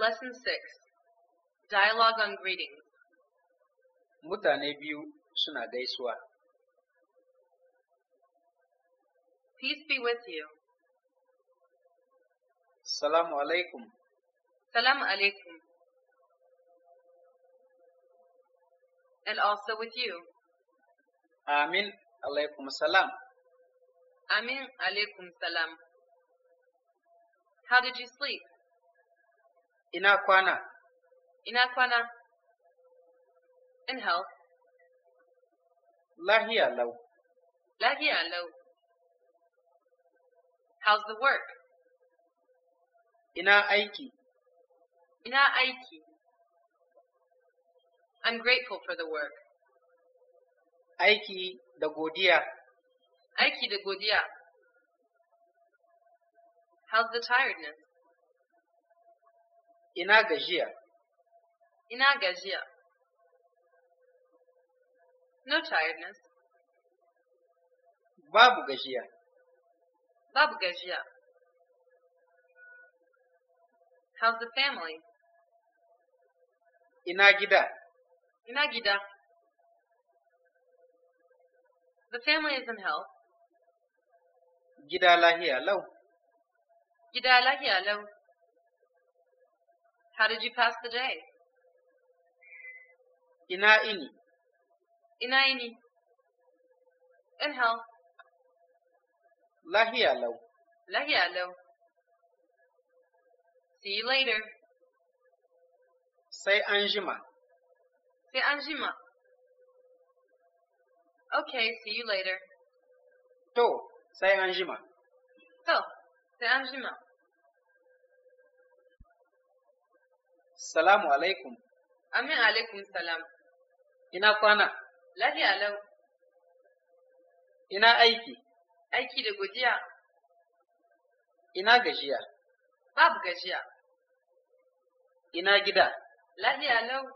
Lesson 6 Dialogue on Greetings Mutane biyu suna gaisuwa. Peace be with you. Salamu alaikum. Salam alaikum. And also with you. Amin alaikum salam. Amin alaikum salam. How did you sleep? Ina kwana? Ina kwana? In health. Lahiya lau. Lahiya lau. How's the work? Ina aiki. Ina aiki. I'm grateful for the work. Aiki da goodia. Aiki da goodia. How's the tiredness? ina gajiya no tiredness babu gajiya babu gajiya how's the family Inagida. Inagida. the family is in health gida lahiya lau gida lahiya lau how did you pass the day? Ina ini. Ina ini. In hell. Lahiya See you later. Say anjima. Say anjima. Okay, see you later. To, say anjima. To, say anjima. Salamu alaikum. Amin alaikum salam. Ina kwana? Lafiya lau. Ina aiki? Aiki da gajiya. Ina gajiya? Babu gajiya. Ina gida? Lafiya lau.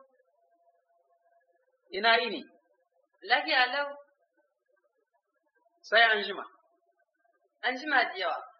Ina ini? Lafiya lau. Sai an jima. An jima da yawa.